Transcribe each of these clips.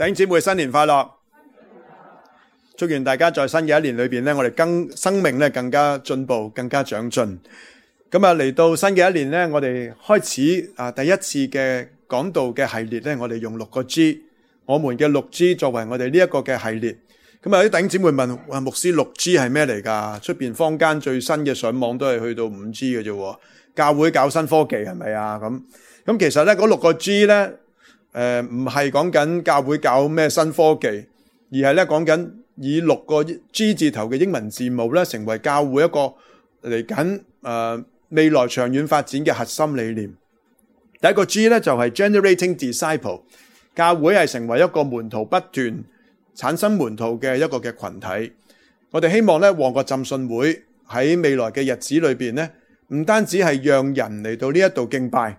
弟兄姊妹新年快樂，祝願大家在新嘅一年裏邊咧，我哋更生命咧更加進步，更加長進。咁啊，嚟到新嘅一年咧，我哋開始啊第一次嘅講道嘅系列咧，我哋用六個 G，我們嘅六 G 作為我哋呢一個嘅系列。咁啊，啲弟兄姊妹問哇牧師，六 G 係咩嚟噶？出邊坊間最新嘅上網都係去到五 G 嘅啫，教會搞新科技係咪啊？咁咁其實咧嗰六個 G 咧。誒，唔係講緊教會搞咩新科技，而係咧講緊以六個 G 字頭嘅英文字母咧，成為教會一個嚟緊誒未來長遠發展嘅核心理念。第一個 G 呢，就係、是、Generating Disciple，教會係成為一個門徒不斷產生門徒嘅一個嘅群體。我哋希望呢，旺角浸信會喺未來嘅日子裏邊呢，唔單止係讓人嚟到呢一度敬拜，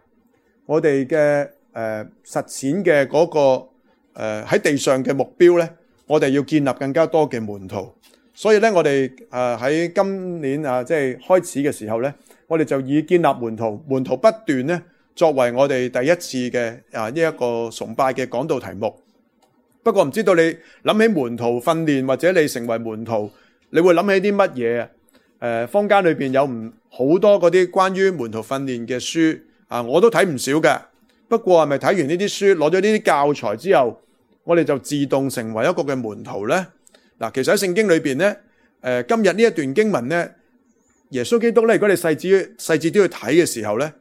我哋嘅。誒、呃，實踐嘅嗰個誒喺、呃、地上嘅目標呢，我哋要建立更加多嘅門徒。所以呢，我哋誒喺今年啊、呃，即係開始嘅時候呢，我哋就以建立門徒，門徒不斷呢，作為我哋第一次嘅啊呢一個崇拜嘅講道題目。不過唔知道你諗起門徒訓練或者你成為門徒，你會諗起啲乜嘢？誒、呃，坊間裏邊有好多嗰啲關於門徒訓練嘅書啊、呃，我都睇唔少嘅。不過係咪睇完呢啲書，攞咗呢啲教材之後，我哋就自動成為一個嘅門徒呢？嗱，其實喺聖經裏邊呢，呃，今日呢一段經文呢，耶穌基督呢，如果你細緻細緻啲去睇嘅時候呢，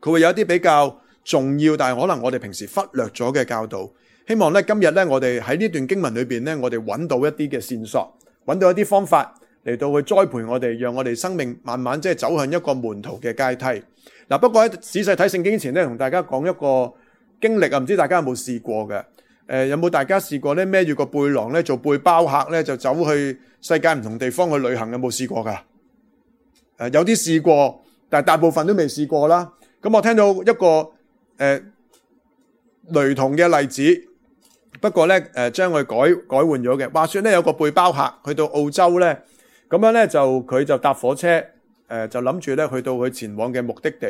佢會有一啲比較重要，但係可能我哋平時忽略咗嘅教導。希望呢今日呢，我哋喺呢段經文裏邊呢，我哋揾到一啲嘅線索，揾到一啲方法。嚟到去栽培我哋，讓我哋生命慢慢即係走向一個門徒嘅階梯。嗱、啊，不過喺仔細睇聖經前咧，同大家講一個經歷啊。唔知大家有冇試過嘅？誒、呃，有冇大家試過咧？孭住個背囊咧，做背包客咧，就走去世界唔同地方去旅行，有冇試過噶？誒、啊，有啲試過，但係大部分都未試過啦。咁、嗯、我聽到一個誒、呃、雷同嘅例子，不過咧誒、呃、將佢改改換咗嘅。話說咧，有個背包客去到澳洲咧。咁樣咧就佢就搭火車，誒就諗住咧去到佢前往嘅目的地。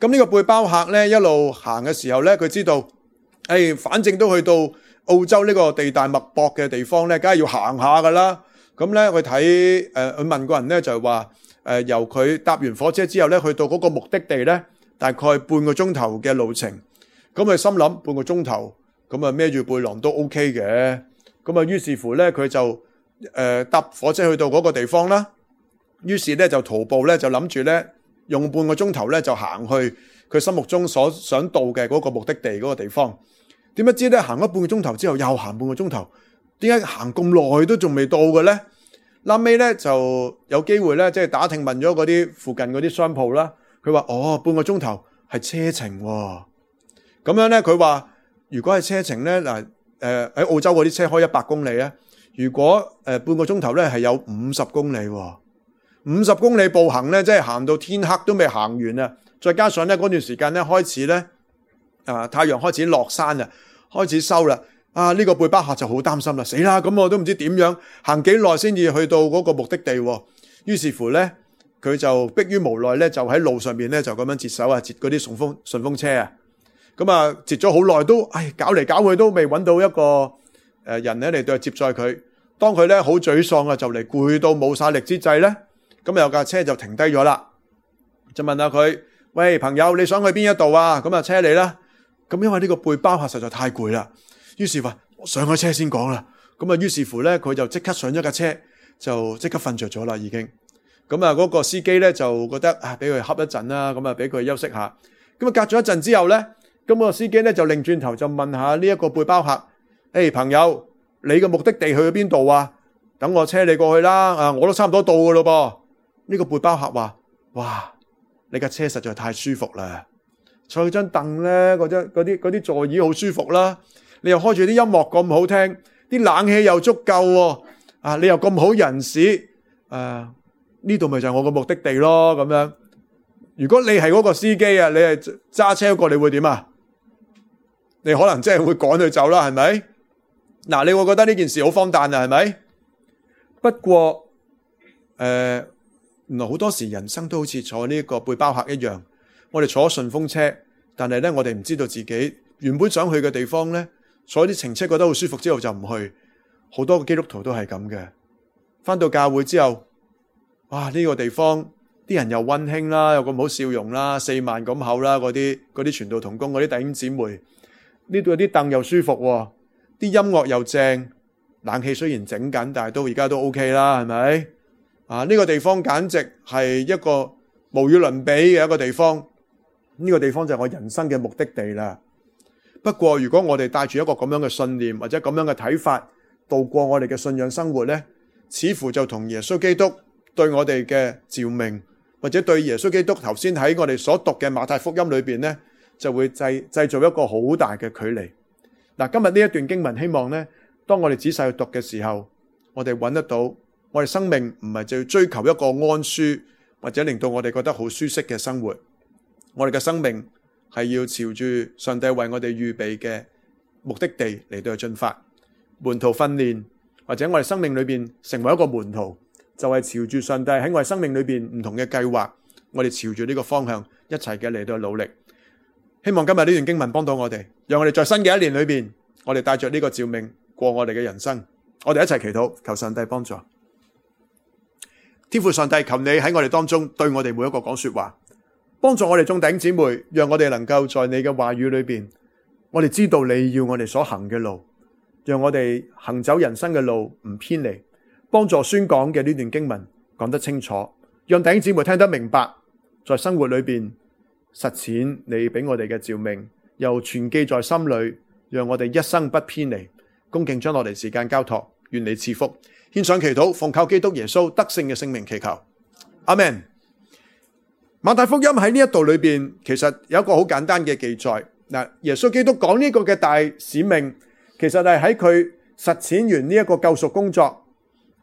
咁呢個背包客咧一路行嘅時候咧，佢知道，誒反正都去到澳洲呢個地大物博嘅地方咧，梗係要行下噶啦。咁咧佢睇，誒佢問個人咧就係話，誒由佢搭完火車之後咧去到嗰個目的地咧，大概半個鐘頭嘅路程。咁佢心諗半個鐘頭，咁啊孭住背囊都 OK 嘅。咁啊於是乎咧佢就。誒、呃，搭火車去到嗰個地方啦，於是咧就徒步咧，就諗住咧用半個鐘頭咧就行去佢心目中所想到嘅嗰個目的地嗰、嗰個地方。點不知咧行咗半個鐘頭之後，又行半個鐘頭，點解行咁耐都仲未到嘅咧？後尾咧就有機會咧，即、就、係、是、打聽問咗嗰啲附近嗰啲商鋪啦。佢話哦，半個鐘頭係車程、哦，咁樣咧佢話如果係車程咧嗱，誒、呃、喺澳洲嗰啲車開一百公里咧。如果誒、呃、半個鐘頭呢係有五十公里、哦，五十公里步行呢，即係行到天黑都未行完啊！再加上呢，嗰段時間呢，開始呢，啊、呃、太陽開始落山啊，開始收啦！啊呢、這個背包客就好擔心啦，死啦！咁我都唔知點樣行幾耐先至去到嗰個目的地、哦。於是乎呢，佢就迫於無奈呢，就喺路上面呢，就咁樣截手啊，截嗰啲順風順風車啊。咁啊，截咗好耐都唉，搞嚟搞去都未揾到一個。誒，人咧嚟到接載佢，當佢咧好沮喪啊，就嚟攰到冇晒力之際咧，咁有架車就停低咗啦，就問下佢：喂，朋友，你想去邊一度啊？咁啊，車你啦。咁因為呢個背包客實在太攰啦，於是話我上個車先講啦。咁啊，於是乎咧，佢就即刻上咗架車，就即刻瞓着咗啦，已經。咁啊，嗰個司機咧就覺得啊，俾佢瞌一陣啦，咁啊，俾佢休息下。咁啊，隔咗一陣之後咧，咁個司機咧就擰轉頭就問下呢一個背包客。誒，hey, 朋友，你嘅目的地去到邊度啊？等我車你過去啦。啊，我都差唔多到噶咯噃。呢、這個背包客話：哇，你架車實在太舒服啦！坐喺張凳呢，嗰張啲啲座椅好舒服啦、啊。你又開住啲音樂咁好聽，啲冷氣又足夠、啊。啊，你又咁好人士。誒、啊，呢度咪就係我嘅目的地咯。咁樣，如果你係嗰個司機啊，你係揸車過，你會點啊？你可能真係會趕佢走啦、啊，係咪？嗱，你會覺得呢件事好荒誕啊？係咪？不過，誒、呃，原來好多時人生都好似坐呢個背包客一樣，我哋坐順風車，但係咧，我哋唔知道自己原本想去嘅地方咧，坐啲程車覺得好舒服之後就唔去。好多基督徒都係咁嘅。返到教會之後，哇！呢、這個地方啲人又溫馨啦，有咁好笑容啦，四萬咁口啦，嗰啲嗰啲傳道同工嗰啲弟兄姊妹，呢度有啲凳又舒服喎、啊。啲音樂又正，冷氣雖然整緊，但係都而家都 OK 啦，係咪？啊，呢個地方簡直係一個無與倫比嘅一個地方。呢個地方就係我人生嘅目的地啦。不過，如果我哋帶住一個咁樣嘅信念或者咁樣嘅睇法度過我哋嘅信仰生活咧，似乎就同耶穌基督對我哋嘅召命或者對耶穌基督頭先喺我哋所讀嘅馬太福音裏邊咧，就會製製造一個好大嘅距離。嗱，今日呢一段經文，希望呢當我哋仔細去讀嘅時候，我哋揾得到，我哋生命唔係就要追求一個安舒，或者令到我哋覺得好舒適嘅生活，我哋嘅生命係要朝住上帝為我哋預備嘅目的地嚟到去進發，門徒訓練或者我哋生命裏邊成為一個門徒，就係朝住上帝喺我哋生命裏邊唔同嘅計劃，我哋朝住呢個方向一齊嘅嚟到去努力。希望今日呢段經文幫到我哋，讓我哋在新嘅一年裏邊，我哋帶着呢個召命過我哋嘅人生。我哋一齊祈禱，求上帝幫助，天父上帝求你喺我哋當中對我哋每一個講說話，幫助我哋眾弟兄姊妹，讓我哋能夠在你嘅話語裏邊，我哋知道你要我哋所行嘅路，讓我哋行走人生嘅路唔偏離，幫助宣講嘅呢段經文講得清楚，讓弟兄姊妹聽得明白，在生活裏邊。實踐你俾我哋嘅召命，又存記在心裏，讓我哋一生不偏離。恭敬將落嚟時間交託，願你賜福，獻上祈禱，奉靠基督耶穌得勝嘅聖名祈求，阿門。馬太福音喺呢一度裏邊，其實有一個好簡單嘅記載。嗱，耶穌基督講呢個嘅大使命，其實係喺佢實踐完呢一個救贖工作，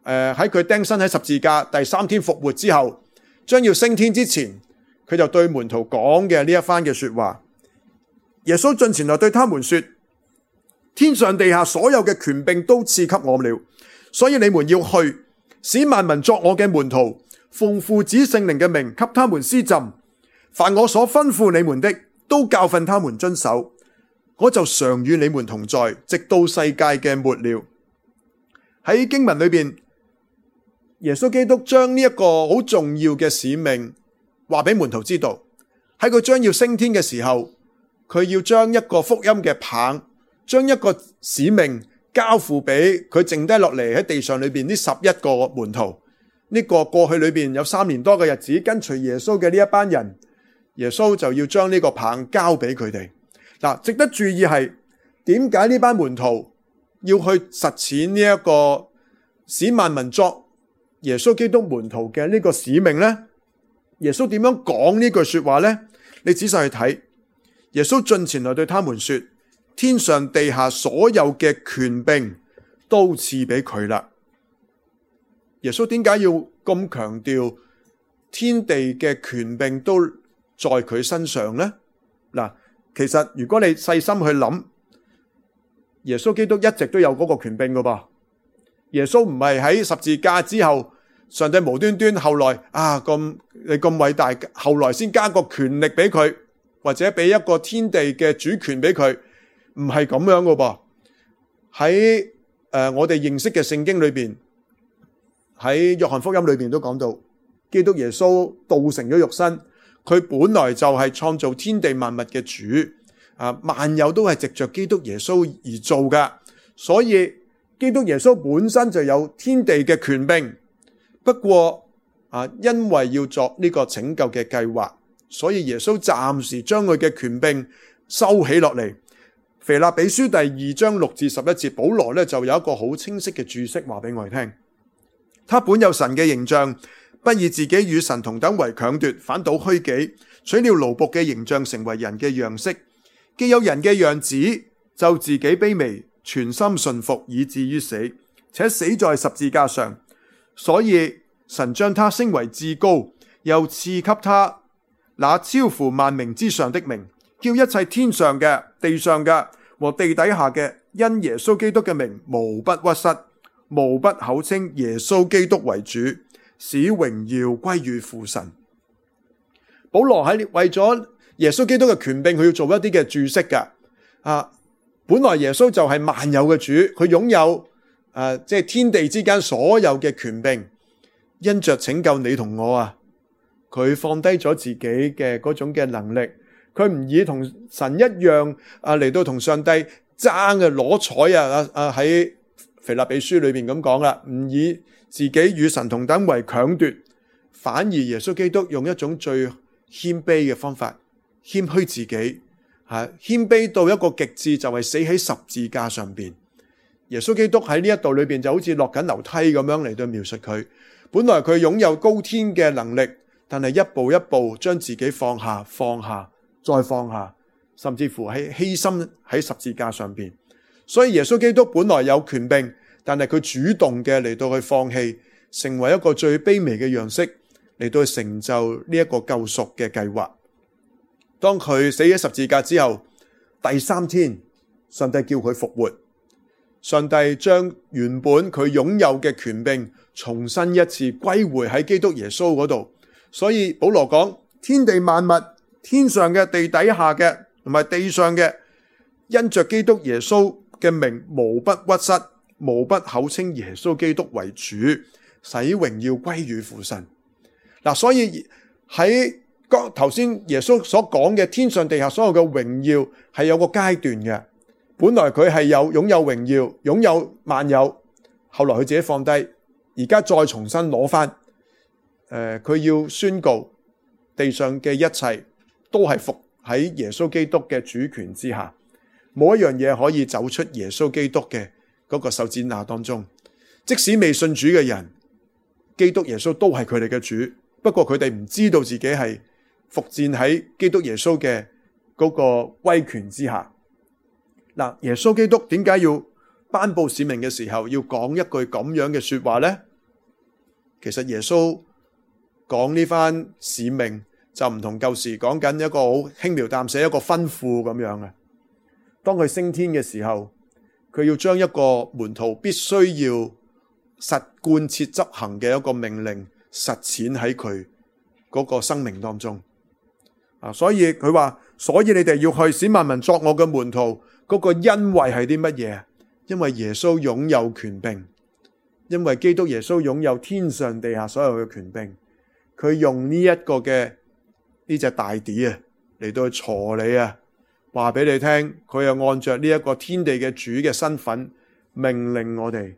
誒喺佢釘身喺十字架第三天復活之後，將要升天之前。佢就對門徒講嘅呢一番嘅說話，耶穌進前來對他們說：天上地下所有嘅權柄都賜給我了，所以你們要去，使萬民作我嘅門徒，奉父子聖靈嘅名給他們施浸，凡我所吩咐你們的，都教訓他們遵守。我就常與你們同在，直到世界嘅末了。喺經文裏邊，耶穌基督將呢一個好重要嘅使命，話俾門徒知道，喺佢將要升天嘅時候，佢要將一個福音嘅棒，將一個使命交付俾佢剩低落嚟喺地上裏邊呢十一個門徒，呢個過去裏邊有三年多嘅日子跟隨耶穌嘅呢一班人，耶穌就要將呢個棒交俾佢哋。嗱，值得注意係點解呢班門徒要去實踐呢一個使萬民作耶穌基督門徒嘅呢個使命呢？耶穌點樣講呢句說話呢？你仔細去睇，耶穌進前來對他們說：天上地下所有嘅權柄都賜俾佢啦。耶穌點解要咁強調天地嘅權柄都在佢身上呢？嗱，其實如果你細心去諗，耶穌基督一直都有嗰個權柄噶噃。耶穌唔係喺十字架之後。上帝無端端後來啊，咁你咁偉大，後來先加個權力俾佢，或者俾一個天地嘅主權俾佢，唔係咁樣噶噃。喺誒、呃，我哋認識嘅聖經裏邊，喺約翰福音裏邊都講到，基督耶穌道成咗肉身，佢本來就係創造天地萬物嘅主啊，萬有都係藉着基督耶穌而做噶，所以基督耶穌本身就有天地嘅權柄。不過啊，因為要作呢個拯救嘅計劃，所以耶穌暫時將佢嘅權柄收起落嚟。腓立比書第二章六至十一節，保羅呢就有一個好清晰嘅注釋，話俾我哋聽：他本有神嘅形象，不以自己與神同等為強奪，反倒虛己，取了奴僕嘅形象，成為人嘅樣式。既有人嘅樣子，就自己卑微，全心順服，以至於死，且死在十字架上。所以。神將他升為至高，又賜給他那超乎萬名之上的名，叫一切天上嘅、地上嘅和地底下嘅，因耶穌基督嘅名，無不屈膝，無不口稱耶穌基督為主，使榮耀歸於父神。保羅喺為咗耶穌基督嘅權柄，佢要做一啲嘅注釋㗎。啊，本來耶穌就係萬有嘅主，佢擁有誒，即係，啊，天地之間所有嘅權柄。因着拯救你同我啊，佢放低咗自己嘅嗰種嘅能力，佢唔以同神一樣啊嚟到同上帝爭嘅攞彩啊啊！喺腓立比書裏邊咁講啦，唔以自己與神同等為強奪，反而耶穌基督用一種最謙卑嘅方法謙虛自己，吓、啊、謙卑到一個極致就係死喺十字架上邊。耶穌基督喺呢一度裏邊就好似落緊樓梯咁樣嚟到描述佢。本來佢擁有高天嘅能力，但係一步一步將自己放下、放下、再放下，甚至乎係犧牲喺十字架上邊。所以耶穌基督本來有權柄，但係佢主動嘅嚟到去放棄，成為一個最卑微嘅樣式嚟到去成就呢一個救贖嘅計劃。當佢死喺十字架之後，第三天，上帝叫佢復活。上帝將原本佢擁有嘅權柄。重新一次歸回喺基督耶穌嗰度，所以保羅講天地萬物，天上嘅、地底下嘅、同埋地上嘅，因着基督耶穌嘅名，無不屈膝，無不口稱耶穌基督為主，使榮耀歸於父神。嗱、啊，所以喺剛頭先耶穌所講嘅天上地下所有嘅榮耀係有個階段嘅，本來佢係有擁有榮耀、擁有萬有，後來佢自己放低。而家再重新攞翻，誒、呃，佢要宣告地上嘅一切都係服喺耶穌基督嘅主權之下，冇一樣嘢可以走出耶穌基督嘅嗰個手指那當中。即使未信主嘅人，基督耶穌都係佢哋嘅主，不過佢哋唔知道自己係伏戰喺基督耶穌嘅嗰個威權之下。嗱，耶穌基督點解要頒布使命嘅時候要講一句咁樣嘅說話呢？其實耶穌講呢番使命就唔同舊時講緊一個好輕描淡寫一個吩咐咁樣嘅。當佢升天嘅時候，佢要將一個門徒必須要實貫徹執行嘅一個命令實踐喺佢嗰個生命當中。啊，所以佢話，所以你哋要去使萬民作我嘅門徒，嗰、那個因為係啲乜嘢？因為耶穌擁有權柄。因為基督耶穌擁有天上地下所有嘅權柄，佢用呢一個嘅呢隻大碟啊嚟到去坐你啊，話俾你聽，佢又按着呢一個天地嘅主嘅身份命令我哋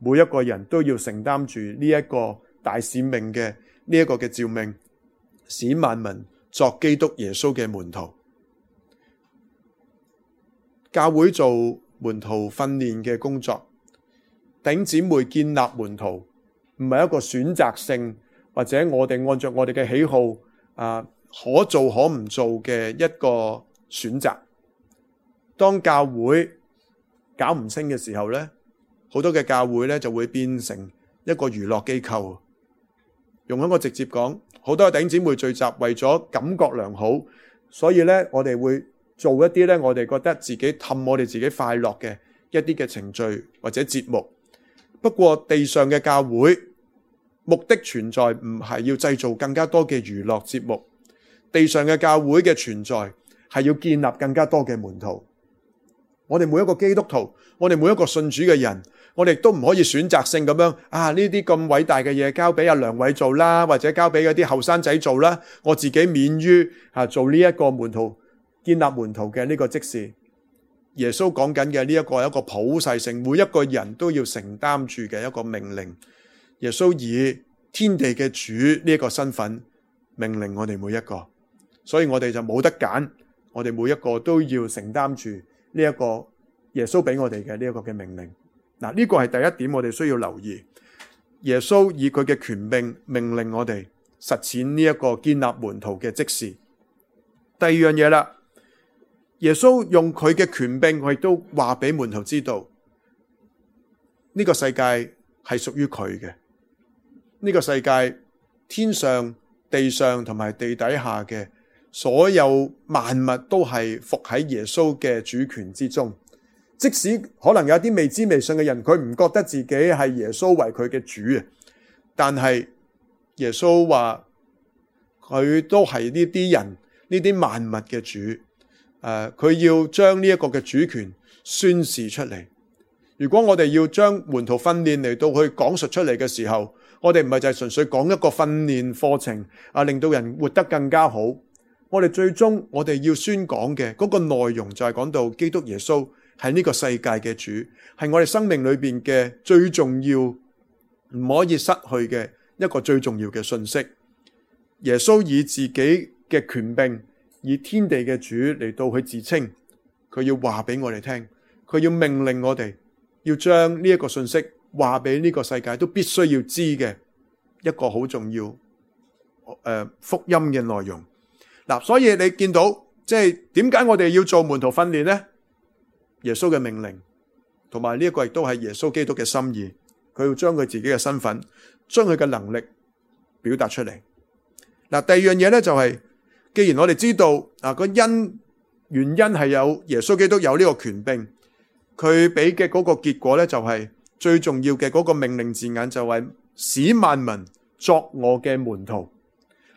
每一個人都要承擔住呢一個大使命嘅呢一個嘅召命，使萬民作基督耶穌嘅門徒，教會做門徒訓練嘅工作。頂姊妹建立門徒，唔係一個選擇性，或者我哋按照我哋嘅喜好啊，可做可唔做嘅一個選擇。當教會搞唔清嘅時候呢，好多嘅教會呢就會變成一個娛樂機構。用一個直接講，好多頂姊妹聚集為咗感覺良好，所以呢，我哋會做一啲呢，我哋覺得自己氹我哋自己快樂嘅一啲嘅程序或者節目。不過地上嘅教會目的存在唔係要製造更加多嘅娛樂節目，地上嘅教會嘅存在係要建立更加多嘅門徒。我哋每一個基督徒，我哋每一個信主嘅人，我哋都唔可以選擇性咁樣啊，呢啲咁偉大嘅嘢，交俾阿梁偉做啦，或者交俾嗰啲後生仔做啦，我自己免於啊做呢一個門徒建立門徒嘅呢個職事。耶穌講緊嘅呢一個係一個普世性，每一個人都要承擔住嘅一個命令。耶穌以天地嘅主呢一個身份命令我哋每一個，所以我哋就冇得揀，我哋每一個都要承擔住呢一個耶穌俾我哋嘅呢一個嘅命令。嗱、這、呢個係第一點，我哋需要留意。耶穌以佢嘅權柄命，命令我哋實踐呢一個建立門徒嘅職事。第二樣嘢啦。耶穌用佢嘅權柄，我亦都話俾門徒知道，呢個世界係屬於佢嘅。呢個世界，天上、地上同埋地底下嘅所有萬物，都係伏喺耶穌嘅主權之中。即使可能有啲未知未信嘅人，佢唔覺得自己係耶穌為佢嘅主啊，但係耶穌話佢都係呢啲人、呢啲萬物嘅主。誒，佢、啊、要將呢一個嘅主權宣示出嚟。如果我哋要將門徒訓練嚟到去講述出嚟嘅時候，我哋唔係就係純粹講一個訓練課程，啊，令到人活得更加好。我哋最終我哋要宣講嘅嗰個內容就係講到基督耶穌係呢個世界嘅主，係我哋生命裏邊嘅最重要，唔可以失去嘅一個最重要嘅信息。耶穌以自己嘅權柄。以天地嘅主嚟到去自稱，佢要話俾我哋聽，佢要命令我哋要將呢一個信息話俾呢個世界都必須要知嘅一個好重要誒福音嘅內容。嗱，所以你見到即係點解我哋要做門徒訓練呢？耶穌嘅命令同埋呢一個亦都係耶穌基督嘅心意，佢要將佢自己嘅身份，將佢嘅能力表達出嚟。嗱，第二樣嘢呢就係。既然我哋知道啊個因原因係有耶穌基督有呢個權柄，佢俾嘅嗰個結果呢，就係最重要嘅嗰個命令字眼就係使萬民作我嘅門徒。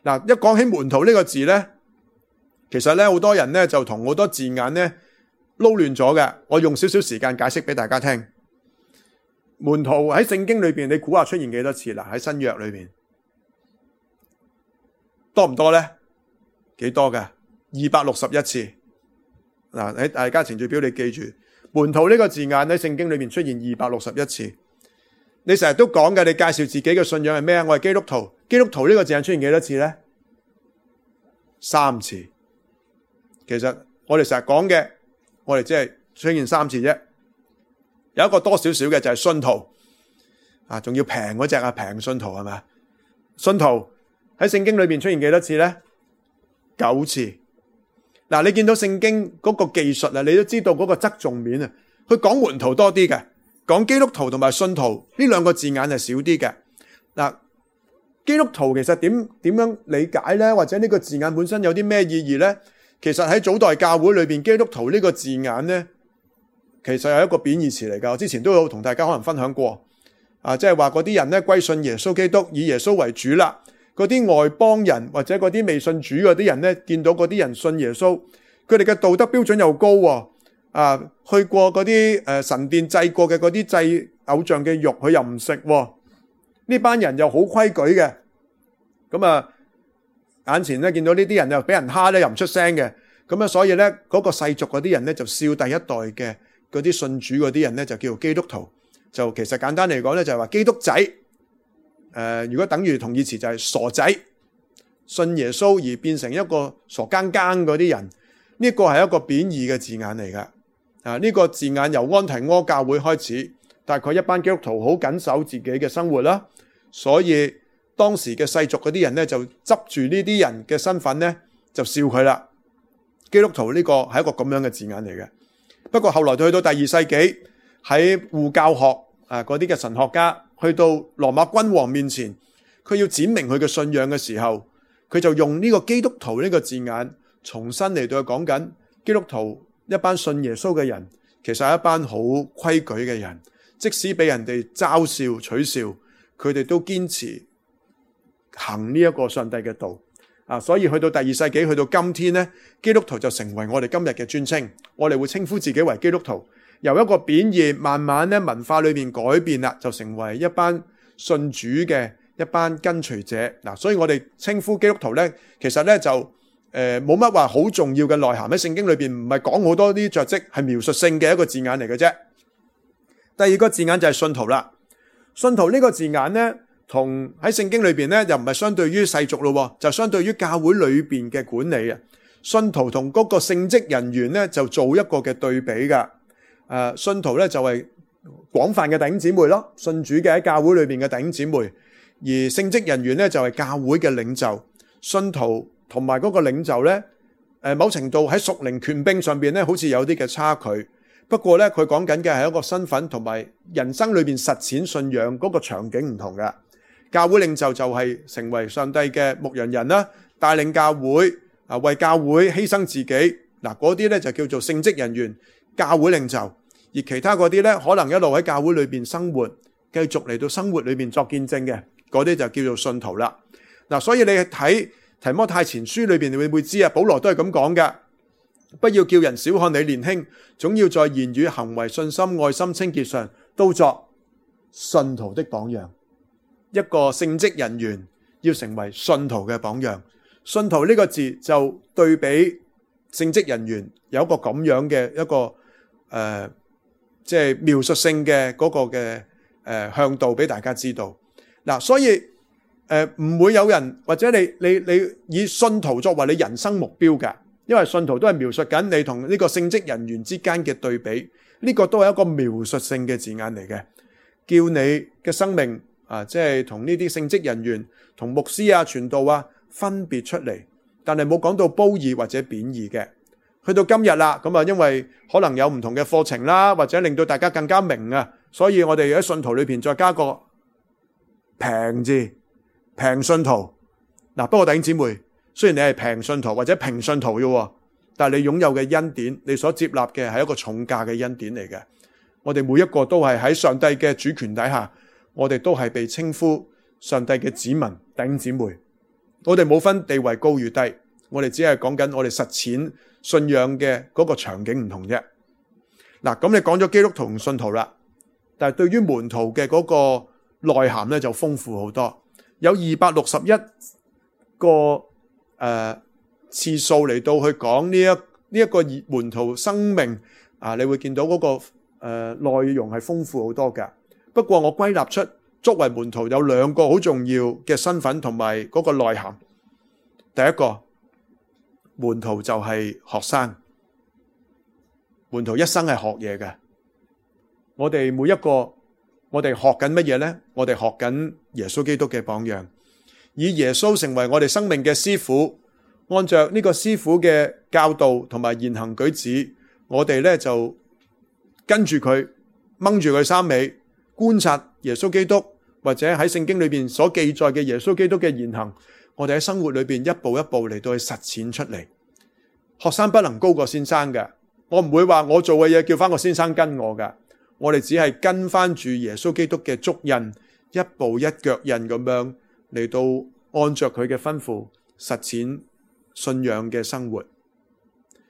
嗱，一講起門徒呢個字呢，其實呢，好多人呢就同好多字眼呢撈亂咗嘅。我用少少時間解釋俾大家聽。門徒喺聖經裏邊，你估下出現幾多次啦？喺新約裏邊多唔多呢？幾多㗎？二百六十一次嗱大家程序表，你記住門徒呢個字眼喺聖經裏面出現二百六十一次。你成日都講嘅，你介紹自己嘅信仰係咩啊？我係基督徒，基督徒呢個字眼出現幾多次咧？三次。其實我哋成日講嘅，我哋即係出現三次啫。有一個多少少嘅就係信徒啊，仲要平嗰隻啊，平信徒係咪？信徒喺聖經裏面出現幾多次咧？九次嗱，你見到聖經嗰個技術啊，你都知道嗰個側重面。啊，佢講門徒多啲嘅，講基督徒同埋信徒呢兩個字眼係少啲嘅。嗱，基督徒其實點點樣理解呢？或者呢個字眼本身有啲咩意義呢？其實喺早代教會裏邊，基督徒呢個字眼呢，其實係一個貶義詞嚟噶。我之前都有同大家可能分享過，啊，即係話嗰啲人咧歸信耶穌基督，以耶穌為主啦。嗰啲外邦人或者嗰啲未信主嗰啲人呢，見到嗰啲人信耶穌，佢哋嘅道德標準又高喎，啊，去過嗰啲誒神殿祭過嘅嗰啲祭偶像嘅肉，佢又唔食喎，呢班人又好規矩嘅，咁啊眼前咧見到呢啲人又俾人蝦咧，又唔出聲嘅，咁啊所以呢，嗰個世俗嗰啲人呢，就笑第一代嘅嗰啲信主嗰啲人呢，就叫基督徒，就其實簡單嚟講呢，就係話基督仔。誒、呃，如果等於同義詞就係傻仔，信耶穌而變成一個傻更更嗰啲人，呢、這個係一個貶義嘅字眼嚟㗎。啊，呢、這個字眼由安提阿教會開始，大概一班基督徒好緊守自己嘅生活啦，所以當時嘅世俗嗰啲人呢，就執住呢啲人嘅身份呢，就笑佢啦。基督徒呢個係一個咁樣嘅字眼嚟嘅，不過後來去到第二世紀喺護教學啊嗰啲嘅神學家。去到羅馬君王面前，佢要展明佢嘅信仰嘅時候，佢就用呢個基督徒呢個字眼，重新嚟到。佢講緊基督徒一班信耶穌嘅人，其實係一班好規矩嘅人，即使俾人哋嘲笑取笑，佢哋都堅持行呢一個上帝嘅道啊！所以去到第二世紀，去到今天呢，基督徒就成為我哋今日嘅尊稱，我哋會稱呼自己為基督徒。由一個貶義慢慢咧文化裏邊改變啦，就成為一班信主嘅一班跟隨者嗱，啊，所以我哋稱呼基督徒咧，其實咧就誒冇乜話好重要嘅內涵，喺聖經裏邊，唔係講好多啲着迹，係描述性嘅一個字眼嚟嘅啫。第二個字眼就係信徒啦，信徒呢個字眼咧，同喺聖經裏邊咧又唔係相對於世俗咯，就相對於教會裏邊嘅管理啊，信徒同嗰個聖職人員咧就做一個嘅對比噶。誒，信徒咧就係廣泛嘅弟兄姊妹咯，信主嘅喺教會裏邊嘅弟兄姊妹；而聖職人員咧就係教會嘅領袖，信徒同埋嗰個領袖咧，誒，某程度喺屬靈權柄上邊咧，好似有啲嘅差距。不過咧，佢講緊嘅係一個身份同埋人生裏邊實踐信仰嗰個場景唔同㗎。教會領袖就係成為上帝嘅牧羊人啦，帶領教會啊，為教會犧牲自己嗱，嗰啲咧就叫做聖職人員。教會領袖，而其他嗰啲呢，可能一路喺教會裏邊生活，繼續嚟到生活裏邊作見證嘅，嗰啲就叫做信徒啦。嗱，所以你睇提摩太前書裏邊，你會唔會知啊，保羅都係咁講嘅，不要叫人小看你年輕，總要在言語、行為、信心、愛心、清潔上都作信徒的榜樣。一個聖職人員要成為信徒嘅榜樣，信徒呢個字就對比聖職人員有一個咁樣嘅一個。誒，即係、呃就是、描述性嘅嗰個嘅誒、呃、嚮導俾大家知道。嗱、啊，所以誒唔、呃、會有人或者你你你以信徒作為你人生目標嘅，因為信徒都係描述緊你同呢個聖職人員之間嘅對比。呢、這個都係一個描述性嘅字眼嚟嘅，叫你嘅生命啊，即係同呢啲聖職人員、同牧師啊、傳道啊分別出嚟。但係冇講到褒義或者貶義嘅。去到今日啦，咁啊，因為可能有唔同嘅課程啦，或者令到大家更加明啊，所以我哋喺信徒裏邊再加個平字，平信徒。嗱，啊，不過弟兄姊妹，雖然你係平信徒或者平信徒嘅，但係你擁有嘅恩典，你所接納嘅係一個重價嘅恩典嚟嘅。我哋每一個都係喺上帝嘅主權底下，我哋都係被稱呼上帝嘅子民，弟兄姊妹。我哋冇分地位高與低。我哋只係講緊我哋實踐信仰嘅嗰個場景唔同啫。嗱，咁你講咗基督徒同信徒啦，但係對於門徒嘅嗰個內涵咧就豐富好多，有二百六十一個誒、呃、次數嚟到去講呢一呢一個門徒生命啊、呃，你會見到嗰、那個誒、呃、內容係豐富好多嘅。不過我歸納出作為門徒有兩個好重要嘅身份同埋嗰個內涵，第一個。門徒就係學生，門徒一生係學嘢嘅。我哋每一個，我哋學緊乜嘢呢？我哋學緊耶穌基督嘅榜樣，以耶穌成為我哋生命嘅師傅，按照呢個師傅嘅教導同埋言行舉止，我哋咧就跟住佢掹住佢衫尾，觀察耶穌基督或者喺聖經裏邊所記載嘅耶穌基督嘅言行。我哋喺生活裏邊一步一步嚟到去實踐出嚟，學生不能高過先生嘅。我唔會話我做嘅嘢叫翻個先生跟我嘅，我哋只係跟翻住耶穌基督嘅足印，一步一腳印咁樣嚟到按着佢嘅吩咐實踐信仰嘅生活。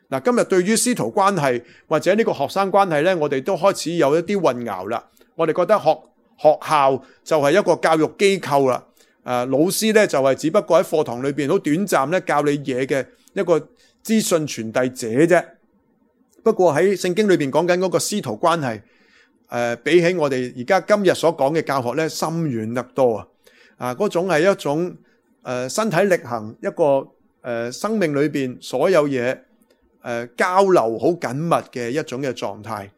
嗱，今日對於師徒關係或者呢個學生關係呢，我哋都開始有一啲混淆啦。我哋覺得學學校就係一個教育機構啦。誒、啊，老師咧就係、是、只不過喺課堂裏邊好短暫咧教你嘢嘅一個資訊傳遞者啫。不過喺聖經裏邊講緊嗰個師徒關係，誒、呃、比起我哋而家今日所講嘅教學咧深遠得多啊！啊，嗰種係一種誒、呃、身體力行一個誒、呃、生命裏邊所有嘢誒、呃、交流好緊密嘅一種嘅狀態。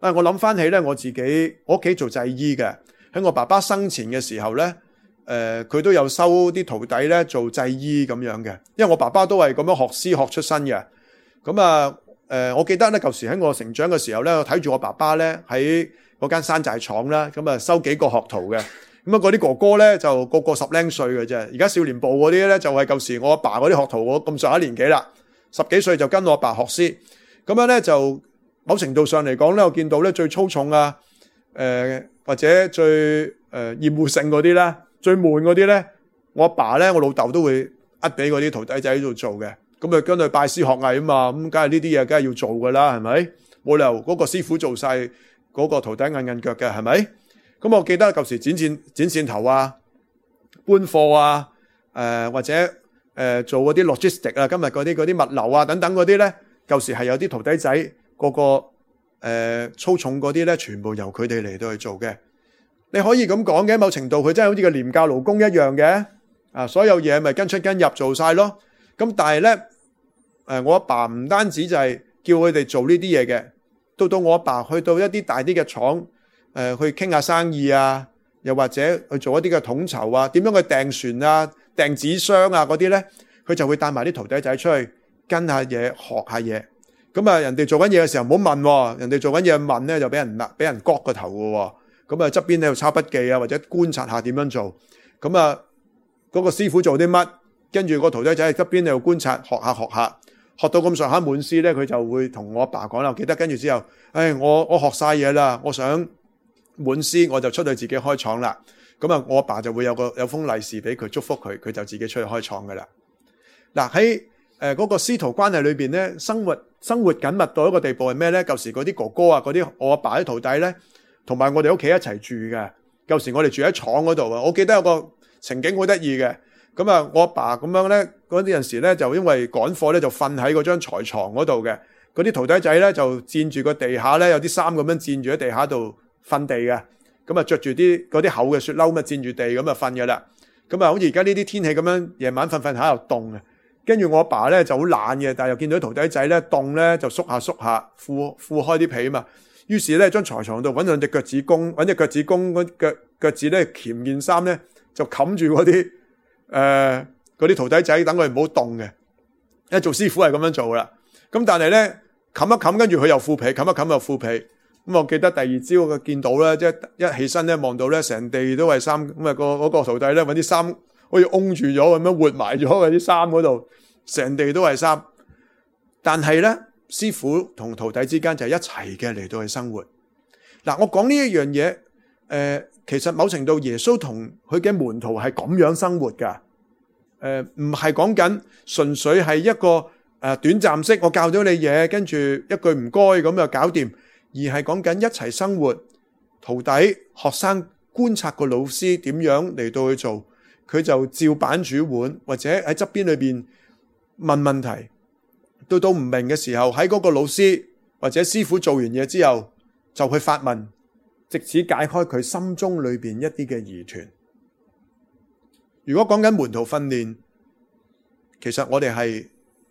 啊，我諗翻起咧我自己，我屋企做製衣嘅，喺我爸爸生前嘅時候咧。誒佢、呃、都有收啲徒弟咧做製衣咁樣嘅，因為我爸爸都係咁樣學師學出身嘅。咁啊誒、呃，我記得咧，舊時喺我成長嘅時候咧，我睇住我爸爸咧喺嗰間山寨廠啦，咁啊收幾個學徒嘅。咁啊嗰啲哥哥咧就個個十零歲嘅啫。而家少年部嗰啲咧就係、是、舊時我阿爸嗰啲學徒，我咁上一年紀啦，十幾歲就跟我阿爸，爸學師。咁樣咧就某程度上嚟講咧，我見到咧最粗重啊誒、呃、或者最誒厭、呃、惡性嗰啲咧。最悶嗰啲咧，我阿爸咧，我老豆都會呃俾嗰啲徒弟仔喺度做嘅，咁啊跟佢拜師學藝啊嘛，咁梗係呢啲嘢梗係要做噶啦，係咪？冇理由嗰個師傅做晒，嗰個徒弟摁摁腳嘅係咪？咁我記得舊時剪綫剪綫頭啊，搬貨啊，誒、呃、或者誒、呃、做嗰啲 logistics 啊，今日嗰啲嗰啲物流啊等等嗰啲咧，舊時係有啲徒弟仔個個誒、呃、粗重嗰啲咧，全部由佢哋嚟到去做嘅。你可以咁講嘅，某程度佢真係好似個廉價勞工一樣嘅，啊，所有嘢咪跟出跟入做晒咯。咁、啊、但係咧，誒、啊，我阿爸唔單止就係叫佢哋做呢啲嘢嘅，到到我阿爸，爸去到一啲大啲嘅廠，誒、啊，去傾下生意啊，又或者去做一啲嘅統籌啊，點樣去訂船啊、訂紙箱啊嗰啲咧，佢就會帶埋啲徒弟仔出去跟下嘢、學下嘢。咁啊，人哋做緊嘢嘅時候唔好問、哦，人哋做緊嘢問咧就俾人啦，俾人割個頭噶、哦。咁啊，側邊喺度抄筆記啊，或者觀察下點樣做。咁啊，嗰個師傅做啲乜，跟住個徒弟仔喺側邊喺度觀察，學下學下，學到咁上下滿師咧，佢就會同我阿爸講啦。記得跟住之後，誒，我我學晒嘢啦，我想滿師，我就出去自己開廠啦。咁啊，我阿爸就會有個有封利是俾佢祝福佢，佢就自己出去開廠噶啦。嗱，喺誒嗰個師徒關係裏邊咧，生活生活緊密到一個地步係咩咧？舊時嗰啲哥哥啊，嗰啲我阿爸啲徒弟咧。同埋我哋屋企一齊住嘅，舊時我哋住喺廠嗰度啊！我記得有個情景好得意嘅，咁啊，我阿爸咁樣咧，嗰啲陣時咧就因為趕貨咧，就瞓喺嗰張裁床嗰度嘅。嗰啲徒弟仔咧就墊住個地下咧，有啲衫咁樣墊住喺地下度瞓地嘅。咁啊着住啲嗰啲厚嘅雪褸，咁啊墊住地，咁啊瞓嘅啦。咁啊好似而家呢啲天氣咁樣，夜晚瞓瞓下又凍啊。跟住我阿爸咧就好懶嘅，但係又見到徒弟仔咧凍咧就縮下縮下，覆覆開啲被啊嘛。於是咧，將柴牀度揾兩隻腳趾公，揾隻腳趾公嗰腳，腳趾咧，攢件衫咧，就冚住嗰啲誒啲徒弟仔，等佢唔好凍嘅。因為做師傅係咁樣做啦。咁但係咧，冚一冚跟住佢又腐皮，冚一冚又腐皮。咁、嗯、我記得第二朝佢見到咧，即係一起身咧望到咧，成地都係衫。咁、那、啊個嗰、嗰個徒弟咧揾啲衫，好似擁住咗咁樣活埋咗嗰啲衫嗰度，成地都係衫。但係咧。師父同徒弟之間就一齊嘅嚟到去生活。嗱，我講呢一樣嘢，誒，其實某程度耶穌同佢嘅門徒係咁樣生活噶。誒，唔係講緊純粹係一個誒短暫式，我教咗你嘢，跟住一句唔該咁就搞掂，而係講緊一齊生活。徒弟、學生觀察個老師點樣嚟到去做，佢就照板煮碗，或者喺側邊裏邊問問題。到到唔明嘅時候，喺嗰個老師或者師傅做完嘢之後，就去發問，直至解開佢心中裏邊一啲嘅疑團。如果講緊門徒訓練，其實我哋係